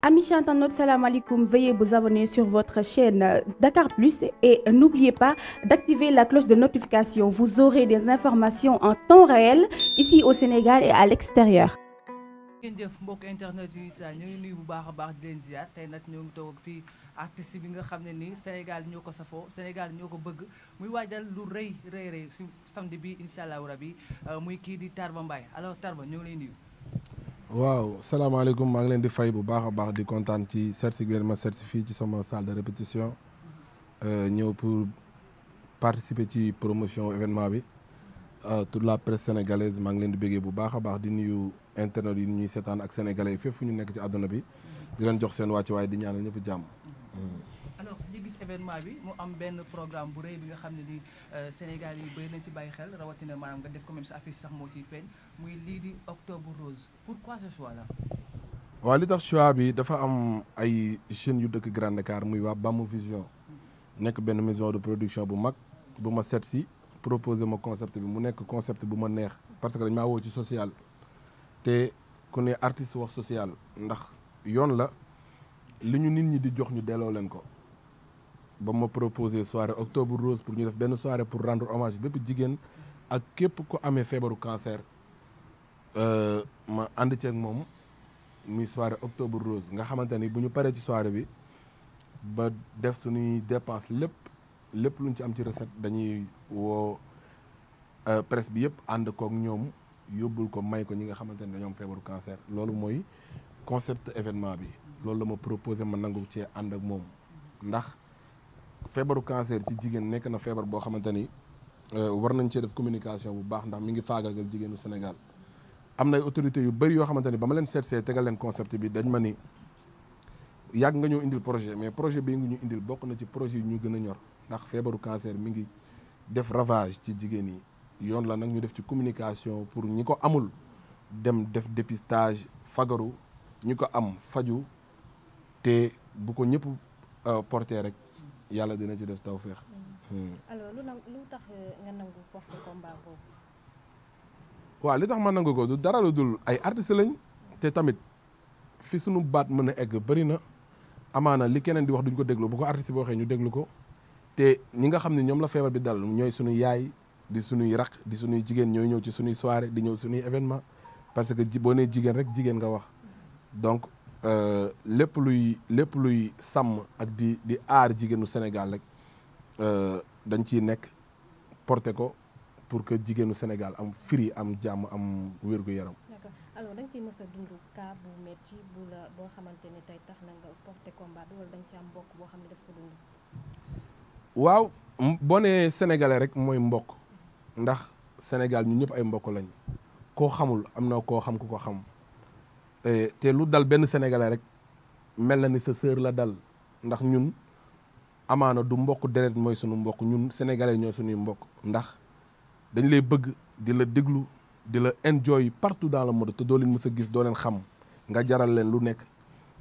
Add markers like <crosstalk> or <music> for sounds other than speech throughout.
Amis chers internautes, salam alaikum. Veuillez vous abonner sur votre chaîne Dakar Plus et n'oubliez pas d'activer la cloche de notification. Vous aurez des informations en temps réel ici au Sénégal et à l'extérieur. ngeen jëf mbokk internet yu sa ñu ngi bu baax a baax di leen ziar tey nag ñoo ngi toog fii artiste bi nga xam ne nii Sénégal ñoo ko safoo Sénégal ñoo ko bëgg muy waajal lu rëy rëy rëy si samedi bi incha allahu euh, muy kii di Tarba mbay alors Tarba ñoo ngi lay waaw salaamaaleykum maa ngi leen di fay bu baax a baax di kontaan ci certifié ma certifié ci sama salle de répétition euh, ñëw pour participer ci promotion événement bi euh, toute la presse sénégalaise maa ngi leen di bëggee bu baax a baax di nuyu internet yi ñuy seetaan ak sénégalais yi fépp fu ñu nekk ci àdduna bi di leen jox seen wàcc waaye di ñaanal ñëpp jàmm. alors ñu gis événement bi mu am benn programme bu rëy bi nga xam ne ni euh, Sénégal yi bëri nañ si bàyyi xel rawatina maanaam nga def ko même si affiche sax moo siy feeñ muy lii di octobre rose pourquoi ce choix là. waaw li tax choix bi dafa am ay jeunes yu dëkk grande Dakar muy waa Bamou Vision nekk benn maison de production bu mag bu ma seet si proposé ma concept bi mu nekk concept bu ma neex parce que dañ maa woo ci sociale te ku ne artiste wax social ndax yoon la li ñu nit ñi di jox ñu delloo leen ko. ba ma proposé soirée octobre rose pour ñu def benn soirée pour rendre hommage bépp jigéen ak képp ko amee feebaru cancer euh, ma ànd ceeg moom muy soirée octobre rose nga xamante ni bu ñu paree ci soirée bi ba def suñuy dépense lépp lépp lu luñ ci am ci recette dañuy woo euh, presse bi yëpp ànd kook ñoom yóbbul ko may ko ñi nga xamante ni dañoo feebaru cancer loolu mooy concept événement bi loolu la ma proposé ma nangu cee ànd ak moom ndax feebaru cancer ci jigéen nekk na feebar boo xamante ni euh, war nañ cee def communication bu baax ndax mi ngi faagaagal jigéenu Sénégal am na ay autorités yu bëri yoo xamante ni ba ma leen seet see tegal leen concept bi dañ ma ni yàgg nga ñoo indil projet mais projet bii nga ñu indil bokk na ci projet yi ñu gën a ñor ndax feebaru cancer mi ngi def ravage ci jigéen yi yoon la nag ñu def ci communication pour ñi ko amul dem def dépistage fagaru ñi ko am faju te bu ko ñëpp euh, porté rek. yàlla dina ci def tawféex. Mm. alors lu tax euh, li tax ma nangu ko du dara lu dul ay artistes lañ te tamit fi sunu baat mën a egg bëri na amaana li keneen di wax duñ ko déglu bu ko artiste boo waxee ñu déglu ko te ñi nga xam ne ñoom la feebar bi dal ñooy sunu yaay di sunuy raq di sunuy jigéen ñooy ñëw ci sunuy soirée di ñëw sunuy événement parce que boo nee jigéen rek jigéen nga wax donc. Euh, lépp luy lépp luy sàmm ak di di aar jigéenu Sénégal rek euh, dañ ci nekk porté ko pour que jigéenu Sénégal am firi am jàmm am wér-gu-yaram. d'accord boo ne daf waaw boo nee sénégalais rek mooy mbokk ndax Sénégal ñu ñëpp ay mbokk lañ koo xamul am na koo xam ku ko xam. Eh, te lu dal benn sénégalais rek mel na ni sa sœur la dal ndax ñun amaana du mbokk deret mooy sunu mbokk ñun sénégalais ñoo suñuy mbokk ndax dañ lay bëgg di la déglu di la enjoy partout dans la monde te doo leen mës gis doo leen xam nga jaral leen lu nekk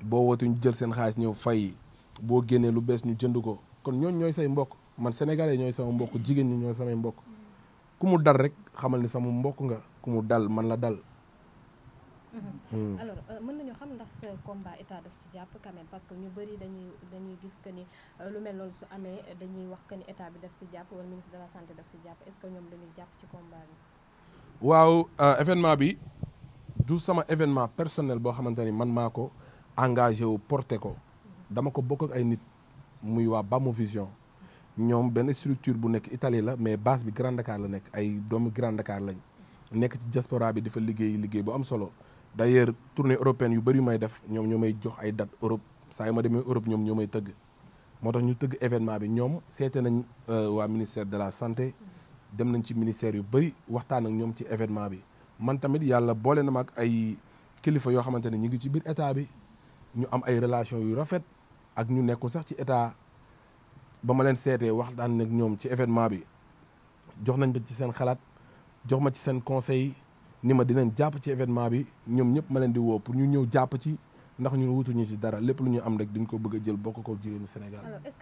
boo wootee ñu jël seen xaalis ñëw fay boo génnee lu bees ñu jënd ko kon ñooñ ñooy say mbokk man sénégalais ñooy sama mbokk jigéen ñi ñooy samay mbokk ku mu dal rek xamal ni sama mbokk nga ku mu dal man la dal Mm-hmm. alors euh, mën nañu xam ndax sa combat état daf ci jàpp quand parce que ñu bëri dañuy gis que euh, lu mel loolu su amee dañuy wax que état bi daf si jàpp wala ministre de la santé daf si jàpp est que ñoom dañuy jàpp ci combat bi. waaw euh, événement bi du sama événement personnel boo xamante ni man maa ko engagé wu porté ko mm-hmm. dama ko bokk ay nit muy waa Bamu Vision ñoom benn structure bu nekk Italie la mais base bi Grand Dakar la nekk ay doomu Grand Dakar lañ mm-hmm. nekk ci diaspora bi dafa liggéey liggéey bu am solo. d'ailleurs tournée européenne yu bëri may def ñoom ñoo may jox ay date Europe saa yi ma demee Europe ñoom ñoo tëgg moo tax ñu tëgg événement bi ñoom seete nañ euh, waa ministère de la santé dem nañ ci ministère yu bëri waxtaan ak ñoom ci événement bi man yàlla boole na ma ak ay kilifa yoo xamante ne ñu ngi ci biir état bi ñu am ay relation yu rafet ak ñu nekkul sax ci état ba ma leen seetee waxtaan nag ñoom ci événement bi jox nañ ba ci seen xalaat jox ma ci seen conseil ni ma dinañ jàpp ci événement bi ñoom ñëpp ma leen di woo pour ñu ñëw jàpp ci ndax ñun wutuñu ci dara lépp lu ñu am rek duñ ko bëgg a jël bokk ko jigéenu Sénégal. alors bi est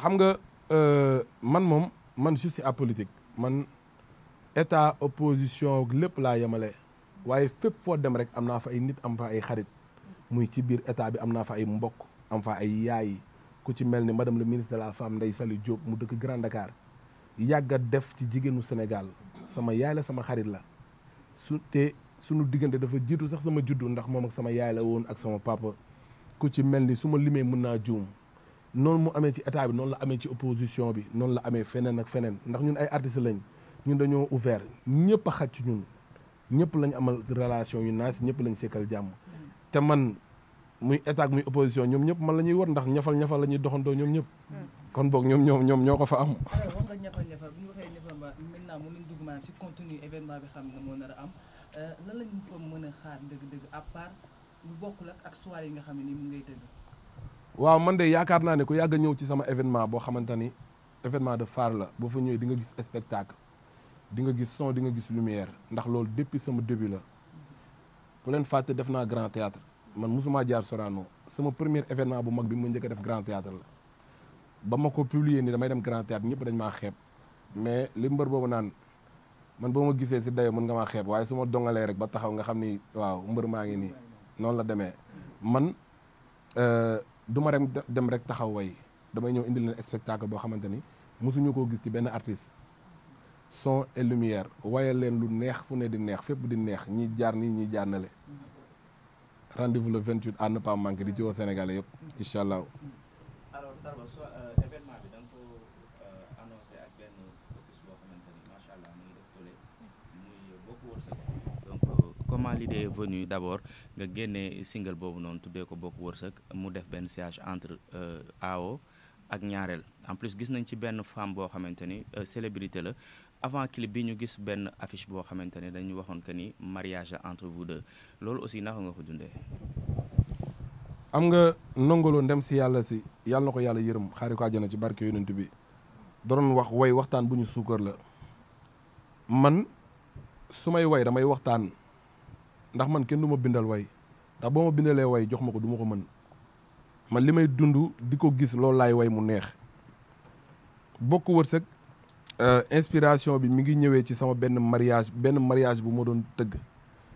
xam nga euh, man moom man su si apolitique man état opposition lépp laa yemale waaye fépp foo dem rek am naa fa ay nit am fa ay xarit muy ci biir état bi am naa fa ay mbokk am fa ay yaay ku ci mel ni madame le ministre de la femme Ndeye Saly Diop mu dëkk Grand Dakar yàgga def ci jigéenu Sénégal sama yaay la sama xarit la su te sunu diggante dafa jiitu sax sama juddu ndax moom ak sama yaay la woon ak sama papa ku ci mel ni su ma limee mën naa juum noonu mu amee ci état bi noonu la amee ci opposition bi noonu la amee feneen ak feneen ndax ñun ay artistes lañ ñun dañoo ouvert ñëpp a xaj ci ñun ñëpp lañ amal relation yu naa si ñëpp lañ sekkal jàmm muy état muy opposition ñoom ñëpp man la ñuy war ndax ñafal ñafal la ñuy doxandoo ñoom ñëpp. Hmm. kon boog ñoom ñoom ñoom ñoo ko fa am. alors nga ñafal ñafal bu ñu waxee ñafal maintenant mu ngi dugg maanaam ci contenu événement bi xam ne moo nar a am euh, lan la ñu ko mën a xaar dëgg-dëgg à part lu bokkul ak ak soirée yi nga xam ne nii mu ngay tëgg. waaw man de yaakaar naa ne ku yàgg a ñëw ci sama événement boo xamante ni événement de phare la boo fa ñëwee di nga gis spectacle di nga gis son di nga gis lumière ndax loolu depuis sama début la bu hmm. leen fàtte def naa grand théâtre man mosumaa jaar Sorano sama premier événement bu mag bi mu njëkk a def grand théâtre la ba ma ko publier nii damay dem grand théâtre ñëpp dañ maa xeeb mais li mbër boobu naan man boo ma gisee si dayo mën nga maa xeeb waaye su ma dongalee rek ba taxaw nga xam ni waaw mbër maa ngi nii noonu la demee man euh, du ma dem dem rek taxaw way damay ñëw indi leen spectacle boo xamante ni mosuñu koo gis ci benn artiste son et lumière waye leen lu neex fu ne di neex fépp di neex ñi jaar nii ñi jaar rendez-vous le 28 à ne pas manquer di ci woo Sénégalais yëpp incha allah. alors Tarba so euh, événement bi da nga ko euh, annoncé wërsëg. donc comment l'idée est venue d'abord nga génnee single boobu noonu tuddee ko bokk wërsëg mu def benn siège entre euh, AO ak ñaareel en plus gis nañ ci benn femme boo xamante ni célébrité la. avant clip bi ñu gis benn affice boo xamante ne dañ waxoon que ni mariage entre vous deux loolu aussi naka nga ko dundee. am nga nongolo ndem si yàlla si yàlla na ko yàlla yërëm xaari ko àjjana ci barke yonent bi doon wax way waxtaan bu ñu suukar la man su may way damay waxtaan ndax man kenn du ma bindal way ndax boo ma bindalee way jox ma ko duma ko mën man li may dund di ko gis loolu laay way mu neex bokk wërsëg Euh, inspiration bi mi ngi ñëwee ci sama benn mariage benn mariage bu ma doon tëgg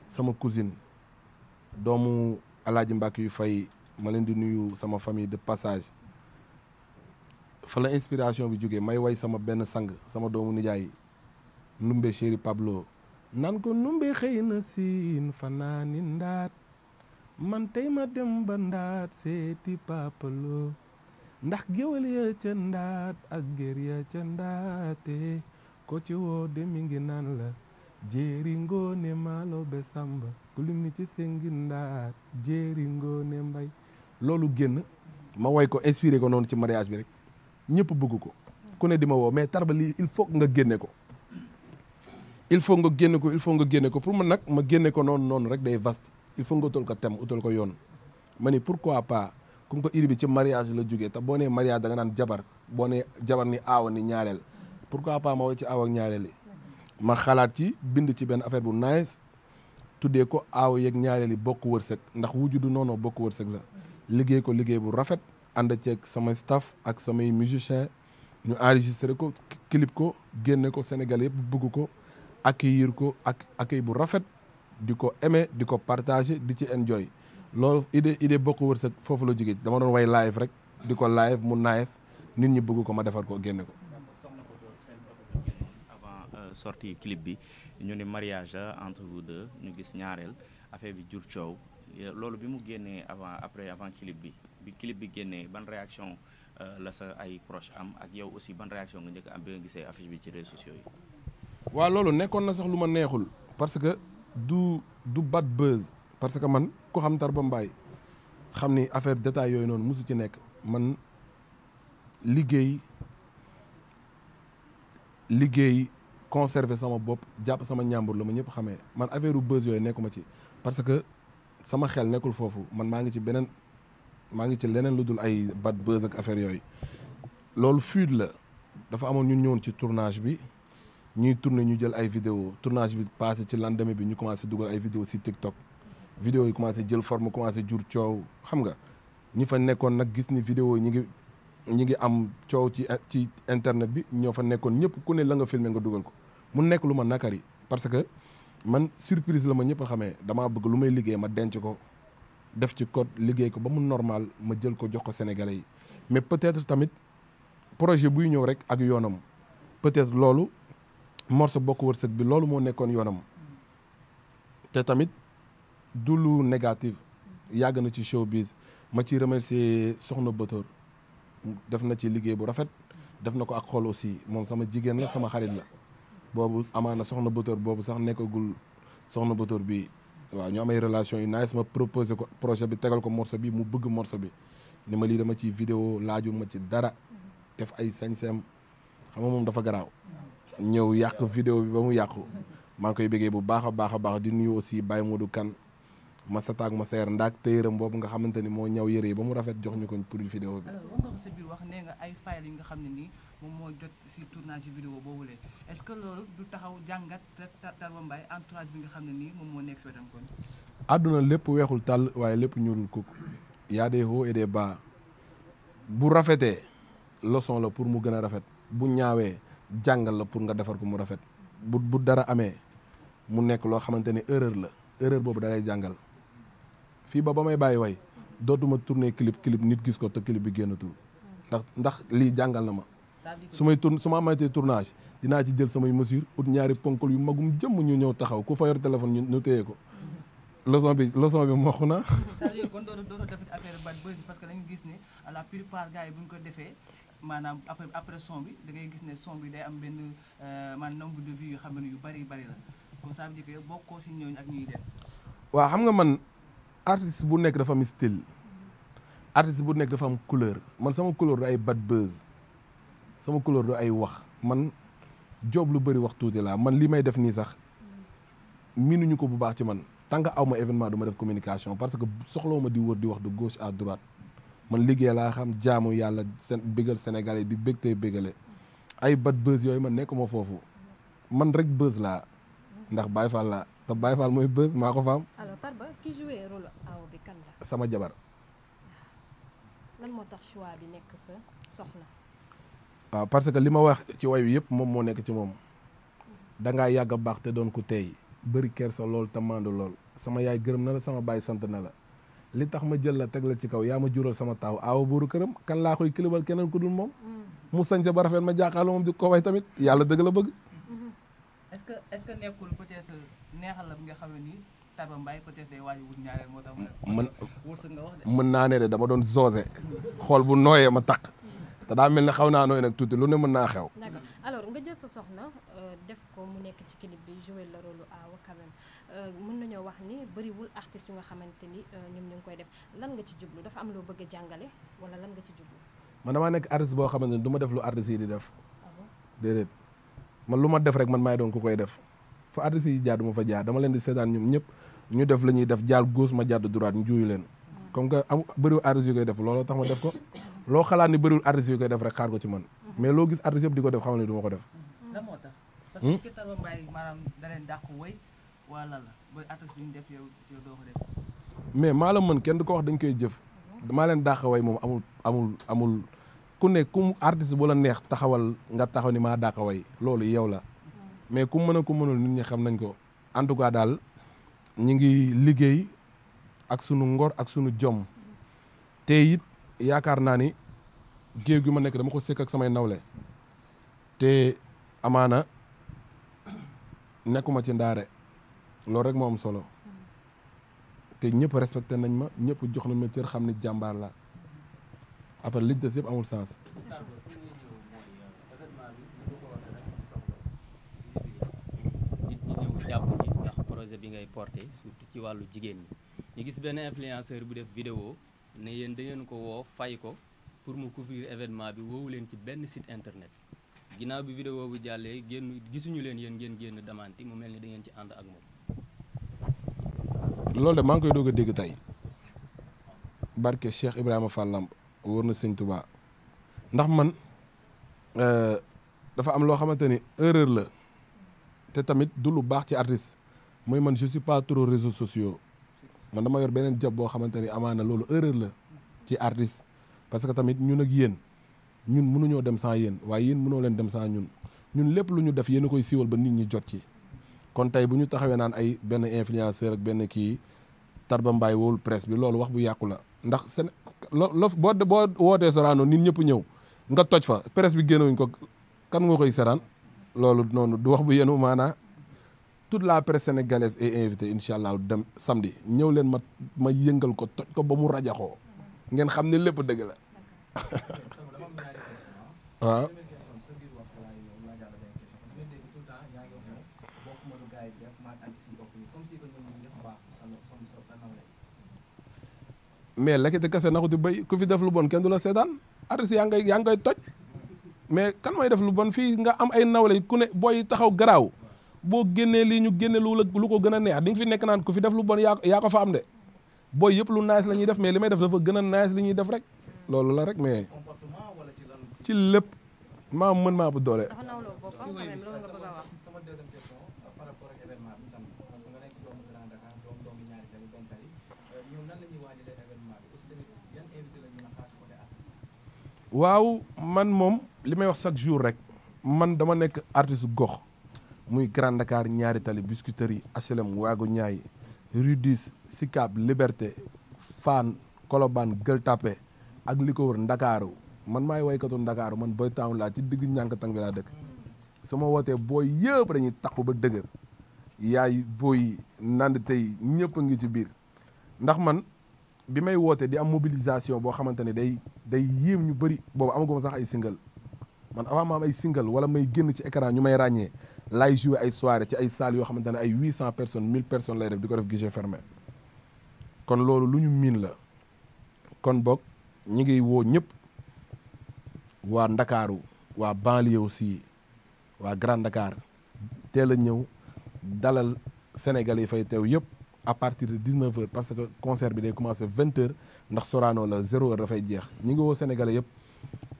sama cousine doomu alaaji mbàkk yu fay ma leen di nuyu sama famille de passage fa la inspiration bi jógee may way sama benn sang sama doomu nijaay numbe chéri Pablo nan ko numbe xëy na siin fanaani ndaat man tey ma dem ba ndaat seeti papalo ndax géwél ya ca ndaat ak gér ya ca ndaate ko ci woo de mi ngi naan la jéeri ngoone maalo be sàmba ku lim ni ci sengi ndaat jéeri ngoone mbay loolu génn ma woy ko inspiré ko noonu ci mariage bi rek ñëpp bugg ko ku ne di ma woo mais Tarba lii il faut nga génne ko il faut nga génne ko il faut nga génne ko pour ma nag ma génne ko noon noonu rek day vaste il faut nga utal ko tem utal ko yoon ma ni pourquoi pas kumpa iri bi ci mariage la jógee te boo nee mariage da nga naan jabar boo nee jabar ni aawa ni ñaareel pourquoi pas ma woo ci aaw ak ñaareel yi ma xalaat ci bind ci benn affaire bu nice tuddee ko aaw yeeg ñaareel yi bokk wërsëg ndax wujudu noonu bokk wërsëg la liggéey ko liggéey bu rafet ànd ceeg samay staff ak samay musicien ñu enregistré ko clip ko génne ko Sénégal yëpp bëgg ko accueillir ko ak accueil bu rafet di ko aimer di ko partage di ci enjoy loolu idée idée bokk wërsëg foofu la jógee dama doon way live rek di ko live mu naayef nit ñi bëgg ko ma defar ko génne ko avant euh, sortie clip bi ñu ne mariage entre vous deux ñu gis ñaareel affaire bi jur coow loolu bi mu génnee avant après avant clip bi bi clip bi génnee ban réaction euh, la sa ay proche am ak yow aussi ban réaction nga njëkk am bi nga gisee affiche bi ci réseaux sociaux yi waaw loolu nekkoon na sax lu ma neexul parce que du du bad buzz parce que man ku xam Tarba Mbaye xam ni affaire détail yooyu noonu mosu ci nekk man liggéey liggéey conserver sama bopp jàpp sama ñàmbur la ma ñëpp xamee man affaire u buzz yooyu nekkuma ci parce que sama xel nekkul foofu man maa ngi ci beneen maa ngi ci leneen lu dul ay bat buzz ak affaire yooyu loolu fuite la dafa amoon ñu ñëwoon ci tournage bi ñuy tourner ñu jël ay vidéo tournage bi passé ci lendemain bi ñu commencé dugal ay vidéo si TikTok vidéo yi commencé jël forme commencé jur coow xam nga ñi fa nekkoon nag gis ni vidéo yi ñi ngi ñi ngi am coow ci ci internet bi ñoo fa nekkoon ñëpp ku ne la nga filmer nga dugal ko mu nekk lu ma nakari parce que man surprise la ma ñëpp a xamee damaa bëgg lu may liggéey ma denc ko def ci code liggéey ko ba mu normal ma jël ko jox ko sénégalais yi mais peut-être tamit projet buy ñëw rek ak yoonam peut-être loolu Mor sa bokk wërsëg bi loolu moo nekkoon yoonam te tamit du lu yàgg na ci bis ma ciy remercier soxna botoor def na ci liggéey bu rafet def na ko ak xol aussi moom sama jigéen la sama xarit la boobu amaana soxna Bator boobu sax nekkagul soxna Bator bi waaw ñu am ay relation yu nice ma proposé ko projet bi tegal ko morso bi mu bëgg morso bi ni ma lii dama ci vidéo laaju ma ci dara def ay sañseem xam nga moom dafa garaaw ñëw yàq vidéo bi ba mu yàqu maa ngi koy bëggee bu baax a baax a baax di nuyu aussi Baye Modou Kane ma sataak ma seer ndaak téyeram boobu nga xamante ni moo ñaw yëre yi ba mu rafet jox ñu ko pour vidéo bi. alors wax nga sa biir nee nga ay file yi nga xam ne nii moom moo jot si tournage vidéo boobule est-ce que loolu du taxaw jàngat Tarba Mbaye entourage bi nga xam ne nii moom moo nekk si wetam kon. àdduna lépp weexul tàll waaye lépp ñuulul kuk y a des hauts et des bas bu rafetee leçon la pour mu gën a rafet bu ñaawee jàngal la pour nga defar ko mu rafet bu bu dara amee mu nekk loo xamante ni erreur la erreur boobu da jàngal. fii ba ba may bàyyi way dootuma tourner clip clip nit gis ko te clip bi génnatul ndax ndax lii jàngal na ma su may tourne su ma amatee tournage dinaa ci jël samay mesure ut ñaari ponkal yu magum jëmm ñu ñëw taxaw ku fa téléphone ñu ñu téye ko leçon bi leçon bi mokk na. c'est-à-dire <laughs> kon dootoo dootoo defit affaire bad buzz parce que dañu gis ne la plupart gars yi bu ñu ko après son bi dangay gis ne son bi day am benn euh, maanaam nombre de vues yoo xam ne yu bari bari la comme ça veut dire que bokkoo si ñooñu ak ñuy def. waaw xam artiste bu nekk dafa am style artiste bu nekk dafa am couleur man sama couleur du ay bat buzz sama couleur du ay wax man job lu bari wax tuuti laa man li may def nii sax miinuñu ko bu baax ci man tant que aw ma événement du ma def communication parce que soxloo ma di wër di wax du gauche à droite man liggéey laa xam jaamu yàlla seen bégal Sénégalais di bégtee bégale ay bat buzz yooyu ma nekk nekkuma foofu man rek buzz laa ndax Baye Fall laa te Baye Fall mooy buzz maa ko Tarba ki sama jabar. lan moo tax choix bi waaw ah, parce que li ma wax ci wayu yëpp moom moo nekk ci moom da yàgg a baax te doon ko tey bëri kersa lool te maandu lool sama yaay gërëm na la sama baay sant na la li tax ma jël la teg la ci kaw yaa ma jural sama taaw aawa buuru këram kan laa koy kilibal keneen ku dul moom. Mm. mu sañ sa ba rafet ma jàkkaarloo moom di ko way tamit yàlla dëgg la bëgg. Mm-hmm. ce que est-ce que nekkul peut Tarba Mbaye peut-être day waaj wut ñaareel moo tax mën wërsëg mën naa ne dama doon zoose xool bu nooyee ma taq te daa mel ni xaw naa nooy nag tuuti lu ne mën naa xew d'accord alors nga jël sa soxna euh, def ko mu nekk ci clip bi joué le rôle Awa quand même euh, mën nañoo wax ni bëriwul artistes yu nga xamante ni euh, ñoom ñu ngi koy def lan nga ci jublu dafa am loo bëgg a jàngale wala lan nga ci jublu man damaa nekk artiste boo xamante ni du def lu artiste yi di def ah déedéet man lu ma def rek man maay doon ku koy def fa artiste yi jaar du ma fa jaar dama leen di seetaan ñoom ñëpp ñu def la ñuy def jaar gauche ma jàdd duraat ñu juuyu leen comme que am bëriwul artiste yu koy def looloo tax ma def ko loo xalaat ni bëriwul artiste yu koy def rek xaar ko ci man mais loo gis artiste yëpp di ko def xamal ni du ma ko def hmm? mais maa la kenn du ko wax dañ koy jëf maa leen dàq woy moom amul amul amul ku ne ku artiste bu neex taxawal nga taxaw ni ma dàq woy loolu yow la mais ku mën a ku mënul nit ñi xam nañ ko en tout cas daal ñu ngi liggéey ak sunu ngor ak sunu jom te it yaakaar naa ni géew gi ma nekk dama ko sekk ak samay nawle te amaana nekkuma ci ndaare loolu rek moom solo te ñëpp respecté nañ ma ñëpp jox na ma xam ne jàmbaar la après li des yëpp amul sens bi ngay porté surtout ci wàllu jigéen ñi ñu gis benn influenceur bu def vidéo ne yéen da ngeen ko woo fay ko pour mu couvrir événement bi woowu leen ci benn site internet ginnaaw bi vidéo bu jàllee génn gisuñu leen yéen ngeen génn demanti mu mel ni da ngeen ci ànd ak moom. loolu de maa ngi koy doog a dégg tey barke Cheikh Ibrahima Fall Lamb wóor na sëñ Touba ndax man euh, dafa am loo xamante ni erreur la te tamit du lu baax ci artiste mooy man je suis pas trop réseaux sociaux man dama yor beneen jab boo xamante ni amaana loolu erreur la ci artiste parce que tamit ñun ak yéen ñun munuñoo dem sans yéen waaye yéen mënoo leen dem saa ñun ñun lépp lu ñu def yéen koy siiwal ba nit ñi jot ci kon tey bu ñu taxawee naan ay benn influenceur ak benn kii Tarba Mbaye wowul presse bi loolu wax bu yàqu la ndax seen lof boo boo wootee Sorano nit ñëpp ñëw nga toj fa presse bi génnewuñ ko kan nga koy seraan loolu noonu du wax bu yenu maanaa tout la presse sénégalaise est invitée incha allah dem samedi ñëw leen ma ma yëngal ko toj ko ba mu rajaxoo ngeen xam ne lépp dëgg la waaw <laughs> ah. mais lekkite kase naxuti bay ku fi def lu bon kenn du la seetaan artiste yaa ngay yaa ngay toj mais kan mooy def lu bon fii nga am ay nawle ku ne booy taxaw garaaw boo génnee lii ñu génne lu lu ko gën a neex di nga fi nekk naan ku fi def lu bon yaa ko fa am de booy yëpp lu nice lañuy def mais li may def dafa gën a nice li ñuy def rek loolu la rek mais ci lépp maa mën maa bu doole. waaw man moom li may wax chaque jour rek man dama nekk artiste gox. muy Grand Dakar ñaari tali Biscuiterie HLM waagu ñaay Rue 10 Sicap Liberté Fann Colobane Gueule Tapée ak li ko wër Ndakaaru man maay waykatu Ndakaaru man boy town laa ci digg ñànk tang bi laa dëkk su ma wootee boo yëpp dañuy takku ba dëgër yaay booy nand tey ñëpp a ngi ci biir ndax man bi may wootee di am mobilisation boo xamante ne day day yéem ñu bëri boobu am amaguma sax ay single man avant ma ay single wala may génn ci écran ñu may ràññee laay joué ay soirée ci ay salles yoo xamante ne ay huit cent personnes mille personnes lay def di ko def guichet fermé kon loolu lu ñu miin la kon boog ñi ngi woo ñëpp waa Ndakaaru waa banlieue aussi waa Grand Dakar teel a ñëw dalal Sénégalais yi fay teew yëpp a partir de 19 heures parce que concert bi day commencé 20 heures ndax Sorano la zéro heure dafay jeex ñi ngi woo Sénégalais yëpp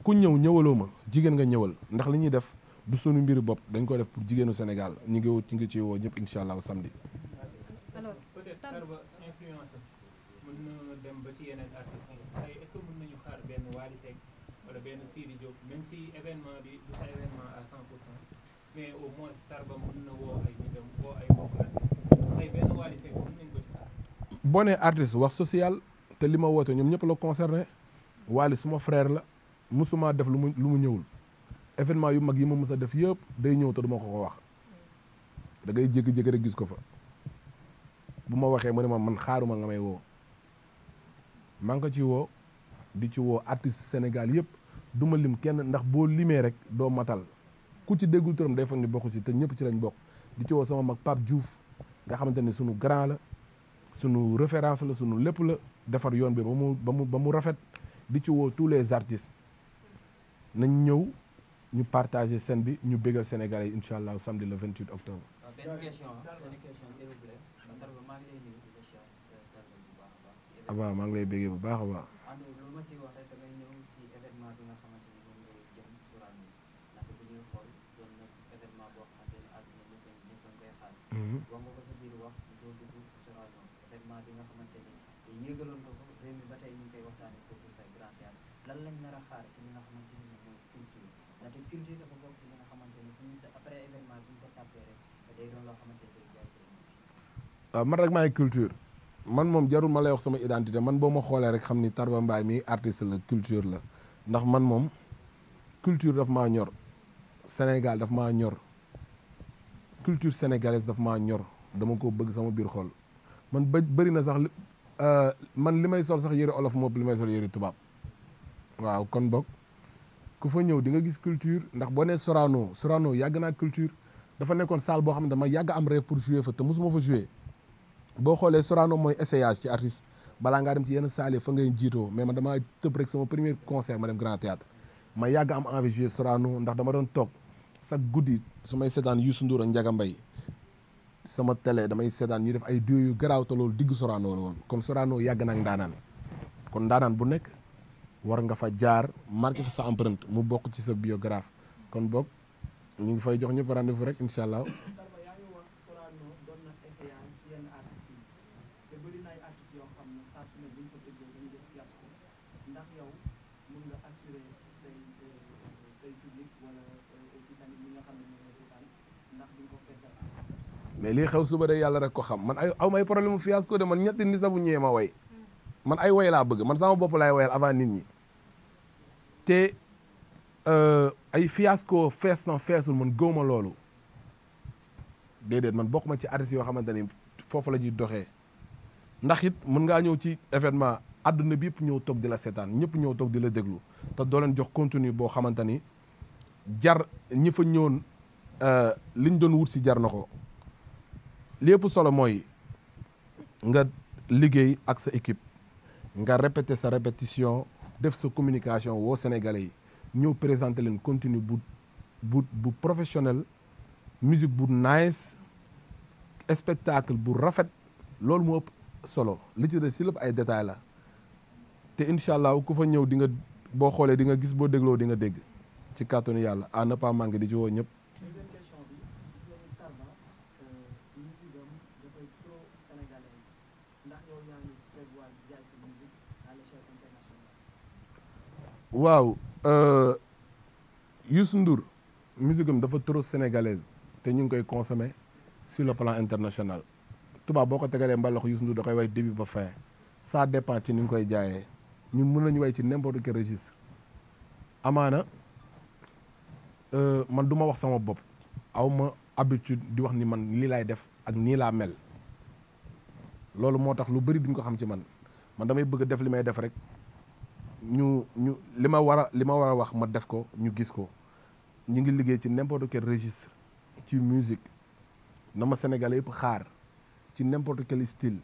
ku ñëw ñëwaloo ma jigéen nga ñëwal ndax li ñuy def du sunu mbiru bopp dañ ko def pour jigéenu Sénégal ñu ngi woo ñu ngi ci woo ñëpp allah samedi. alors peut-être Tarba moins boo nee artiste social te li ma woote ñoom ñëpp la concerné Wally suma frère la. musuma def lu mu lu mu ñëwul événement yu mag yi ma mës a def yëpp day ñëw te du ma ko ko wax dangay ngay jékki-jékki rek gis ko fa bu ma waxee ma ne ma man xaaruma nga may woo maa ngi ko ci woo di ci woo artiste Sénégal yëpp du ma lim kenn ndax boo limee rek doo matal ku ci déggul turam day foog ni bokk ci te ñëpp ci lañ bokk di ci woo sama mag Pape Diouf nga xamante ni sunu grand la sunu référence la sunu lépp la defar yoon bi ba mu ba mu rafet di ci woo tous les artistes nañ ñëw ñu partager scène bi ñu bégal Sénégalais yi incha allah samedi le 28 octobre. waaw maa ngi lay bégee bu baax a baax. lan lañ nar a xaar si li nga culture eh, dafa ah, man rek maay culture man moom jarul ma lay wax sama identité man boo ma xoolee rek xam ni Tarba mbaay mii artiste la culture la ndax man moom culture dafa maa ñor Sénégal daf maa ñor culture sénégalaise daf maa ñor dama ko bëgg sama biir xool man ba bëri na sax ah, man li may sol sax yëre olof moom li may sol yëre tubaab waaw kon bokk ku fa ñëw di nga gis culture ndax boo nee Sorano Sorano yàgg naa culture dafa nekkoon salle boo xam ne dama yàgg am rêve pour jouer fa te mosuma fa jouer boo xoolee Sorano mooy essayage ci artiste balaa nga dem ci yenn salle fa ngay jiitoo mais man dama tëb rek sama premier concert ma dem Grand Théâtre ma yàgg am envie jouer Sorano ndax dama doon toog sax guddi su seddaan seetaan Youssou Ndour ak Ndiaga Mbaye sama télé damay seetaan ñu def ay duo yu garaaw loolu digg Sorano la woon kon Sorano yàgg na ak kon ndaanaan bu nekk war nga fa jaar marqué fa sa empreinte mu bokk ci sa biographe kon boog ñu ngi fay jox ñu rendez-vous rek incha allah. mais lii xew suba de yàlla rek ko xam man ay aw may problème mu fiasco de man ñetti ni sabu ñëwee ma way man ay woy laa bëgg man sama bopp laay woyal avant nit ñi te euh, ay fiasco fees na feesul man gëwma loolu déedéet man bokk ma ci artistes yoo xamante ni foofu la ñuy doxee ndax it mën ngaa ñëw ci événement àdduna bi yëpp ñëw toog di la seetaan ñëpp ñëw toog di la déglu te doo jox contenu boo xamante ni jar ñi fa ñëwoon euh, liñ doon wut si jar na ko lépp solo mooy nga liggéey ak sa équipe nga répété sa répétition def sa communication woo sénégalais yi ñëw présenté leen contenu bu bu bu professionnel musique bu nice spectacle bu rafet loolu moo ëpp solo li ci des si lépp ay détails la te incha allah ku fa ñëw di nga boo xoolee di nga gis boo dégloo di nga dégg ci kàttanu yàlla à ne pas di ci woo ñëpp. waaw euh, Youssou Ndour musique am dafa trop sénégalaise te ñu ngi koy consommer sur le plan international tubaab boo ko tegalee mbalax Youssou Ndour da koy way début ba fin ça dépend ci ni nga koy jaayee ñu mun nañu way ci n'importe quel registre amaana euh, man duma wax sama bopp aw ma habitude di wax ni man lii laay def ak nii laa mel loolu moo tax lu bëri duñ ko xam ci man man damay bëgg def li may def rek ñu ñu li ma war a li ma war a wax ma des ko ñu gis ko ñu ngi liggéey ci n'importe quel registre ci musique na ma Sénégalais yëpp xaar ci n'importe quel style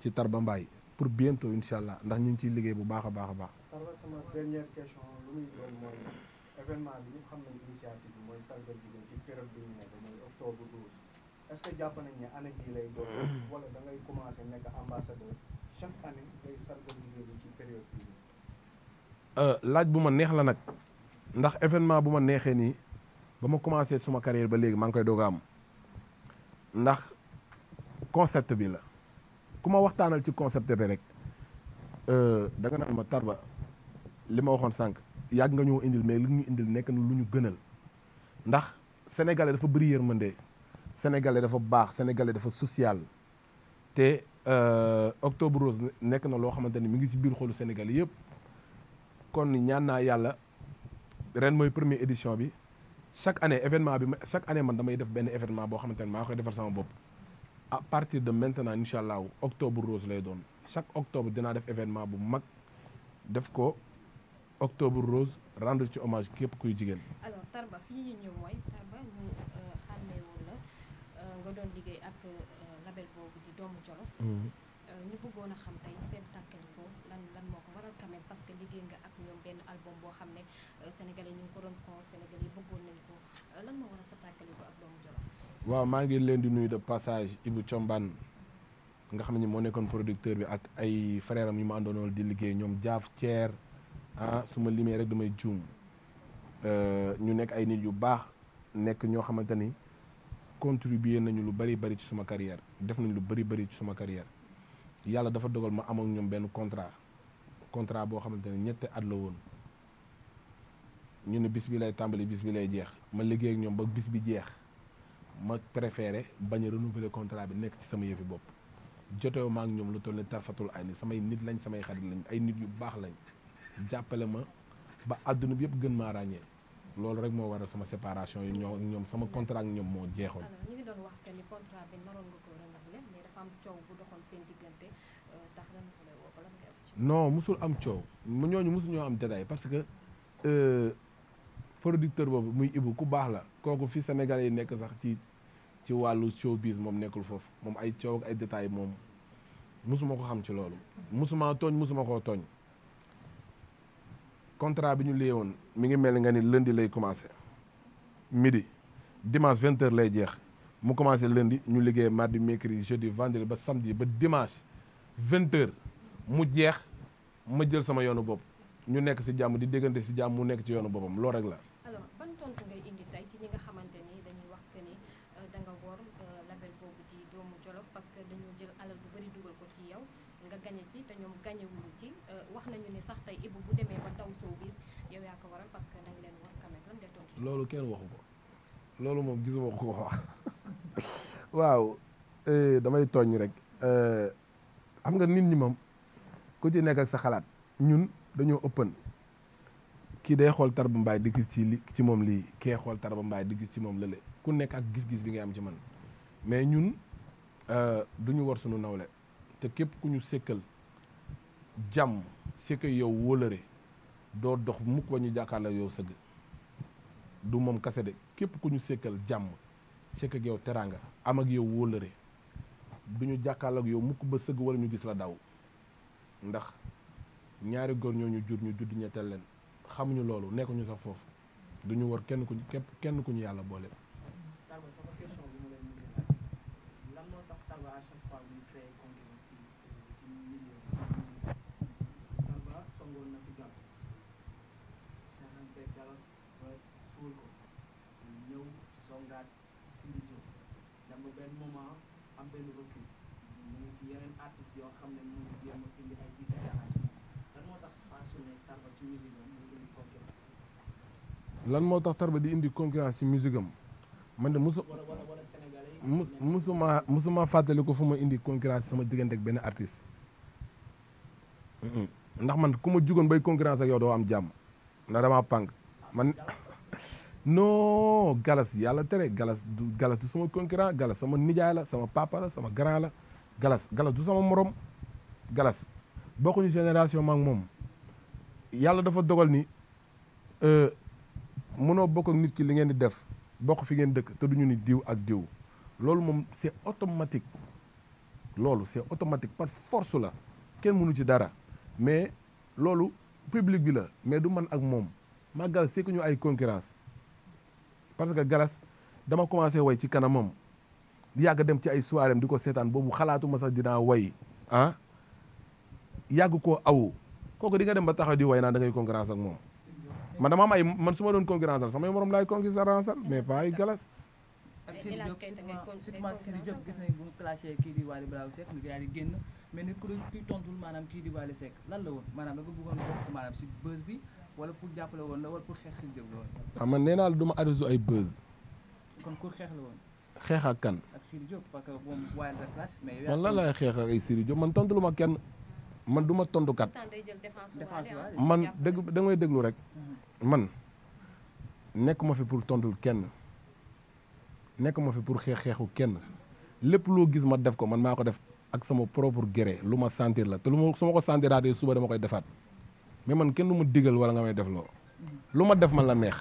ci Tarba Mbaye pour bientôt incha allah ndax ñu ngi ci liggéey bu baax a baax a baax. Tarba sama bi xam nañ initiative mooy sargal bi ñu nekk mooy octobre 12 est que jàpp nañ ne année bii lay doon <clears throat> wala da ngay commencer nekk ambassadeur chaque ci période Euh, laaj bu ma neex la nag ndax événement bu ma neexee nii ba ma commencé suma carrière ba léegi maa ngi koy doog am ndax concept bi la ku ma waxtaanal ci concept bi rek euh, da nga naan ma tarba li ma waxoon sànq yàgg nga ñoo indil mais lu ñu indil nekk na lu ñu gënal ndax sénégalais dafa bëri yërmande sénégalais dafa baax sénégalais dafa social te euh, octobre rose nekk na loo xamante ni mu ngi ci biir xolu sénégalais yëpp. kon ñaan naa yàlla ren mooy première édition bi chaque année événement bi chaque année man damay def benn événement boo xamante ne maa koy defar sama bopp à partir de maintenant incha allah octobre rose lay doon chaque octobre dinaa def événement bu mag def ko octobre rose rendre ci hommage képp kuy jigéen. alors Tarba fii ñu ñëw mooy Tarba ñu euh, xàmmee woon la euh, nga doon liggéey ak euh, label boobu di doomu Jolof. Mm-hmm. ñu bëggoon a xam tey parce que liggéey nga ak ñoom benn album boo xam ne euh, sénégalais ñu ko doon ko sénégalais bëggoon nañ ko lan moo war sa tàkkali ko ak doomu Jolof waaw maa ngi leen di nuyu de passage Ibou Thiombane nga xam ne moo nekkoon producteur bi ak ay frère am yu di liggéey ñoom jaaf Thier ah su ma limee rek damay juum euh, ñu nekk ay nit yu baax nekk ñoo xamante ni contribuer nañu lu bari bari ci suma carrière def nañ lu bari bari ci suma carrière yàlla dafa dogal ma amoon ñoom benn contrat contrat boo xamante ne ñett at la woon ñu ne bis bi lay tàmbali bis bi lay jeex ma liggéey ak ñoom ba bis bi jeex ma préféré bañ a renouveler contrat bi nekk ci sama yëfi bopp jotewu ma ak ñoom lu toll ne tarfatul ay ni samay nit lañ samay xarit lañ ay nit yu baax lañ jàppale ma ba àdduna bi yëpp gën maa ràññee loolu rek moo waral sama séparation yi ñoo ñoom sama contrat ak ñoom moo jeexoon. non musul am coow mu ñooñu musul ñoo am détail parce que euh, producteur boobu muy Ibou ku baax la kooku fi Sénégal yi nekk sax ci ci wàllu showbiz moom nekkul foofu moom ay coow ay détail moom musuma ko xam ci loolu musuma tooñ musuma koo tooñ contrat bi ñu liyee woon mi ngi mel nga ni lundi lay commencé midi dimanche vingt lay jeex mu commencé lundi ñu liggéey mardi mercredi jeudi vendredi ba samedi ba dimanche vingt heures mu jeex ma jël sama yoonu bopp ñu nekk ci jàmm di déggante ci jàmm mu nekk ci yoonu boppam loolu rek la. alors ban tontu ngay indi tey ci ñi nga xamante ni dañuy wax que ni euh, da nga euh, label boobu di doomu Jolof parce que dañu jël alal bu bari dugal ko ci yow nga gañe ci te ñoom gañewuñu ci euh, wax nañu ne sax tey Ibou bu demee ba taw soo bi yow yaa ko waral parce que da leen war quand loolu kenn waxu ko loolu moom gisuma ko wax <laughs> waaw eh, damay tooñ rek xam nga nit ñi moom. ku ci nekk ak sa xalaat ñun dañoo ëppan kii day xool Tarba Mbaye di gis ci li ci moom lii kee xool Tarba Mbaye di gis ci moom lële ku nekk ak gis-gis bi ngay am ci man mais ñun euh, du ñu war suñu nawle te képp ku ñu sëkkal jàmm sëkkal yow wóolëre doo dox mukk ñu jàkkaarloo yow sëgg du moom kase képp ku ñu sëkkal jàmm sëkkal yow teraanga am ak yow wóolëre du ñu jàkkaarloo ak yow mukk ba sëgg wala ñu gis la daw ndax ñaari góor ñooñu jur ñu judd ñetteel leen xamuñu loolu nekkuñu sax foofu duñu war kenn ku képp kenn ku ñu yàlla boole. am benn moment am benn recul mu ngi ci yeneen artistes yoo xam ne mu ngi jéem a lan moo tax tar ba di indi concurrence ci musique am man de musu musuma musuma fàttali ko fu ma indi concurrence sama diggante ak benn artiste ndax man ku ma jugoon bay concurrence ak yow doo am jàmm ndax dama pànk man <laughs> non galas yàlla tere galas du galas du sama concurrent galas sama nijaay la sama papa la sama grand la galas galas du sama morom galas bokkuñu génération maak moom yàlla dafa dogal nii euh, mënoo bokk ak nit ki li ngeen di def bokk fi ngeen dëkk te duñu ni diw ak diw loolu moom c'est automatique loolu c'est automatique par force la kenn mënu ci dara mais loolu publique bi la mais du man ak moom màggal c'est que ñu ay concurrence parce que galas dama commencé way ci kanamam yàgg dem ci ay soirée di ko seetaan boobu xalaatuma sax dinaa way ah yàgg koo awu kooku di nga dem ba taxaw di way naa da ngay concurrence ak moom man dama am ay man su ma doon concurrence al samay morom laay concurrence al mais pas ay galas. ak Sidy Diop surtout Sidy gis nañu bu mu kii di Wally Ballago Seck mu daal di génn ni ku kuy tontul kii di Wally Seck lan la woon maanaam da nga bëggoon bi wala pour jàppale woon la wala pour xeex Sidy Diop ah, man nee naa la du ma ay buzz. kon ku xeex woon. xeex kan. ak Sidy Diop parce que moom waaye la classe mais man lan laay xeex ak ay Sidy Diop man tontu ma kenn man du ma tontukat. man dégg da ngay déglu rek. man nekkuma fi pour tontul kenn nekkuma fi pour xeex xeexu kenn lépp loo gis ma def ko man maa ko def ak sama propre gré lu ma sentir la te lu ma su ma ko sentiraatee suba dama koy defaat mais man kenn du ma digal wala nga may def loo lu ma def man la neex.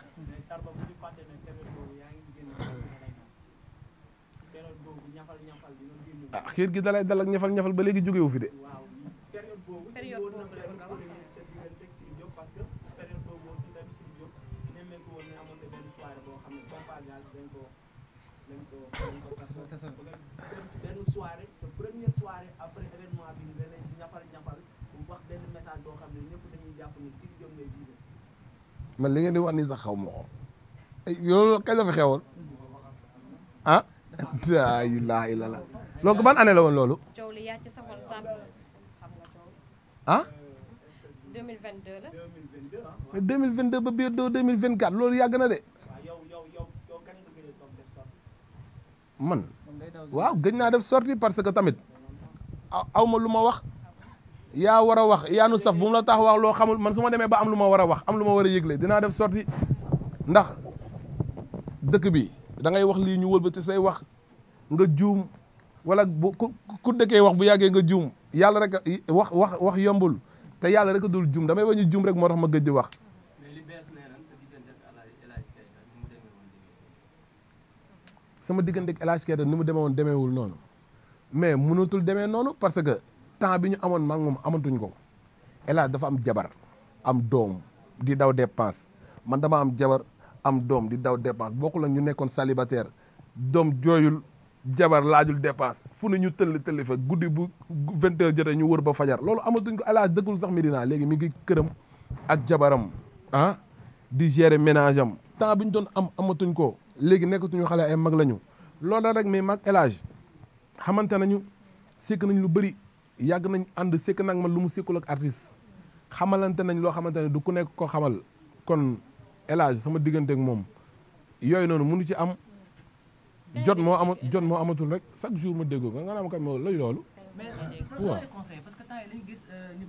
ah xiir gi dalay dal ak ñafal ñafal ba léegi jógewu fi de. man li ngeen di wax nii sax xaw ma ko eh, loolu kañ la fi ah. laa ilaaha illallaah loolu ban année la woon loolu. ah. 2022 la. mais 2022 ba biir doo 2024 loolu yàgg na de. man. waaw gëj naa def sortie parce que tamit aw ma lu ma wax. yaa war a wax yaa nu saf bu mu la tax wax loo xamul man su ma demee ba am lu ma war a wax am lu ma war a yëgle dinaa def sorti ndax dëkk bi da ngay wax lii ñu wëlbati say wax nga juum wala bu ku wax bu yàggee nga juum yàlla rek wax wax wax yombul te yàlla rek a dul juum damay bañ a juum rek moo tax ma gëj di wax. sama diggante ak El ni mu demewoon demeewul noonu mais mënatul demee noonu parce que. temps bi ñu amoon maa ngi moom amatuñ ko El dafa am jabar am doom di daw dépense man dama am jabar am doom di daw dépense bokkul la ñu nekkoon célibataire doom jooyul jabar laajul depanse fu na ñu tëll tëll fa guddi bu vingt heures jotee ñu wër ba fajar loolu amatuñ ko El Hadj dëkkul sax Medina léegi mi ngi këram ak jabaram ah di gérer ménage am temps bi ñu doon am amatuñ ko léegi nekkatuñu xale ay mag lañu loolu rek mais mag El Hadj xamante nañu sekk nañ lu bëri. yàgg nañ ànd sekk nag ma lu mu sekkul ak artiste xamalante nañ loo xamante ne du ku nekk ko xamal kon El sama diggante ak moom yooyu noonu mënu ci am jot moo ama jot moo amatul rek chaque jour ma déggoo nga naan kat ma lay loolu. Ah. waaw conseil parce que temps yii gis euh, ñu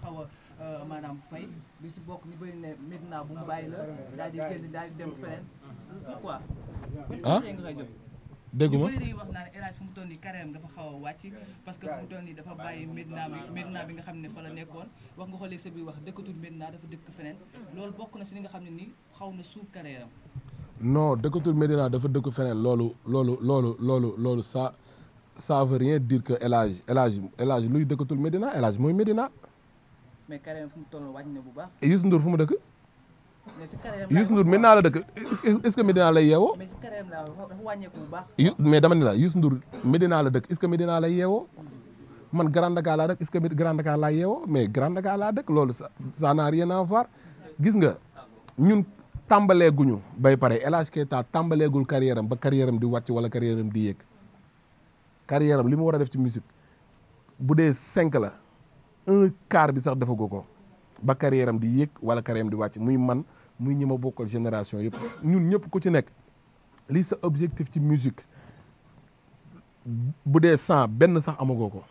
xaw a euh, maanaam fay bi si bokk ñu bëri ne maintenant bu mu bàyyi la daal di génn daal di dem feneen ah? dégg ma bëri mu toll nii carrière xaw a wàcc parce que fu mu toll nii dafa bàyyi Medina bi nga xam ne fa la nekkoon wax nga xoolee sa biir wax dëkkatul Medina dafa dëkk bokk na si li nga xam ne nii xaw na suuf carrière am non dëkkatul Medina dafa dëkk feneen loolu loolu loolu loolu loolu ça ça veut rien dire que El Hadj El Hadj El Hadj luy dëkkatul Medina El Hadj mais carrière fu mu toll wàññi na bu baax. Youssou Ndour fu mu dëkk. Youssou Ndour Medina la dëkk est-ce Medina lay yeewoo. mais si yu mais dama la Youssou Ndour Medina la dëkk est-ce Medina lay yeewoo man Grand Dakar laa dëkk est-ce Grand Dakar laa yeewoo mais Grand Dakar laa dëkk loolu ça ça n'a rien à voir gis nga ñun tàmbaleeguñu bay pare El Hadj Keita tàmbaleegul carrière ba carrière di wàcc wala carrière am di yéeg carrière li mu war a def ci musique bu dee cinq la un bi sax defagoo ko. ba carrière di yéeg wala carrière am di wàcc muy man muy ñi ma bokkal génération yëpp ñun ñëpp ku ci nekk lii sa objectif ci musique bu dee cent benn sax amagoo ko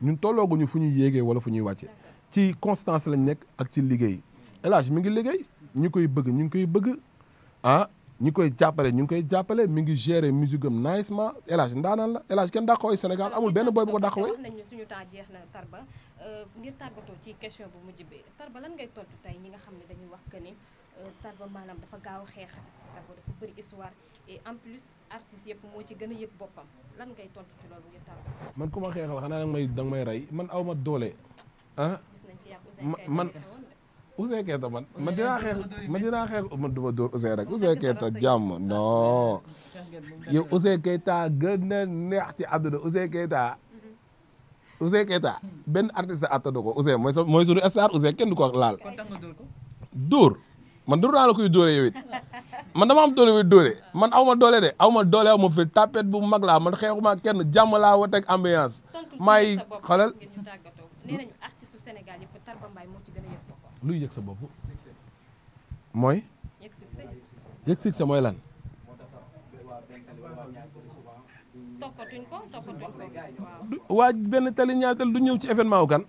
ñun tollooguñu fu ñuy yéegee wala fu ñuy wàcce ci constance lañ nekk ak ci liggéey El Hadj mi ngi liggéey ñu koy bëgg ñu ngi koy bëgg ah ñu koy jàppale ñu ngi koy jàppale mi ngi gérer musique am nicement El Hadj ndaanaan la El Hadj kenn dàqawee Sénégal amul benn booy bu ko dàqawee. Euh, ngir tàggatoo ci question bu mujj bi Tarba lan ngay tontu tey ñi nga xam ne dañuy wax que ni euh, Tarba maanaam dafa gaaw a xeex Tarba dafa bëri histoire en plus artistes yëpp moo ci gën a yëg boppam lan ngay tontu ci loolu ngir Tarba. man ku ma xeexal xanaa danga may rey man aw ma doole ah. man Ouzin Keita man man dinaa xeex man dinaa du ma dóor Ouzin rek Ouzin Keita jàmm non yow Ouzin Keita gën a neex ci àdduna Ouzin Keita Ouzin Keita benn artiste attanu ko Ouzin mooy sa mooy sunu star Ouzin kenn du ko laal. kon tax nga dóor ko. dóor man dóor naa la kuy dóoree man dama am doole bi dóore man aw ma doole de aw ma doole aw ma bu mag laa man xeexuma kenn jàmm laa wa teg ambiance. may xolal nee nañu artiste sa bopp mooy. lan. toppatuñ waa benn tali ñaari tali du ñëw ci événement wu kan.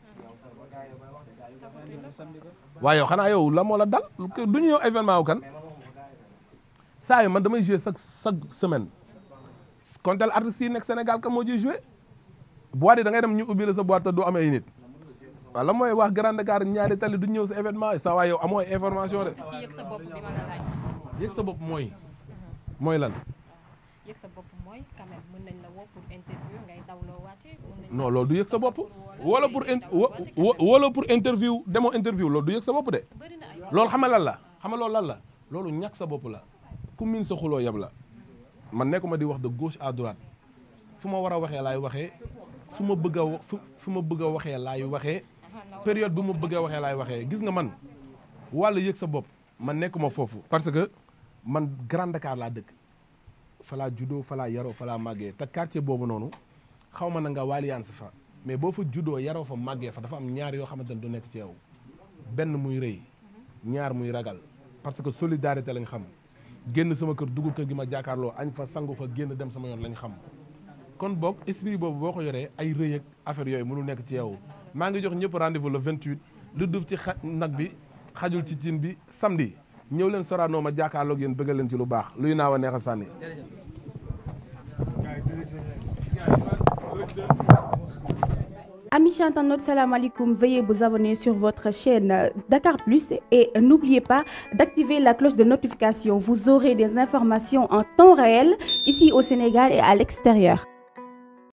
waaw yow xanaa yow la moo la dal du ñu ñëw événement wu kan saa yu man damay joué chaque semaine kon tel artistes yi nekk Sénégal kan moo ciy joué boîte yi dem ñu ubbi sa boîte te doo am ay nit. waaw mooy wax grande Dakar ñaari tali du ñëw sa événement yi saa waay yow amoo information de. yëg sa bopp mooy. Uh-huh. mooy lan. mooy quand même loolu du yëg sa bopp wala pour wala pour interview demoo interview loolu du yëg sa bopp de loolu xam nga lan la xam loolu lan la loolu ñàkk sa bopp la ku miin sa xuloo yab la man nekkuma di wax de gauche à droite fu ma war a waxee laay waxee su ma bëgg a fu ma bëgg a waxee laay waxee période bu ma bëgg waxee laay waxee gis nga man wàllu yëg sa bopp man nekkuma foofu parce que man grande Dakar laa dëkk falaa juddoo falaa yaroo falaa màggee te quartier boobu noonu xaw ma na nga waaliyaan sa fa mais boo fa juddoo yaroo fa màggee fa dafa am ñaar yoo xamante ne du nekk ci yow benn muy rëy ñaar muy ragal parce que solidarité lañ xam génn sama kër dugub kër gi ma jàkkaarloo añ fa sangu fa génn dem sama yoon lañ xam kon boog esprit boobu boo ko yoree ay rëy ak affaire yooyu mënu nekk ci yow maa ngi jox ñëpp rendez-vous le 28 lu duf ci nag bi xajul ci cin bi samedi ñëw leen Sorano ma jàkkaarloog yéen bëgg leen ci lu baax luy naa a neex a sànni. Amis chers internautes, salam alaikum. Veuillez vous sur votre chaîne euh, Dakar Plus et euh, n'oubliez pas d'activer la cloche de notification. Vous aurez des informations en temps réel ici au Sénégal et à l'extérieur.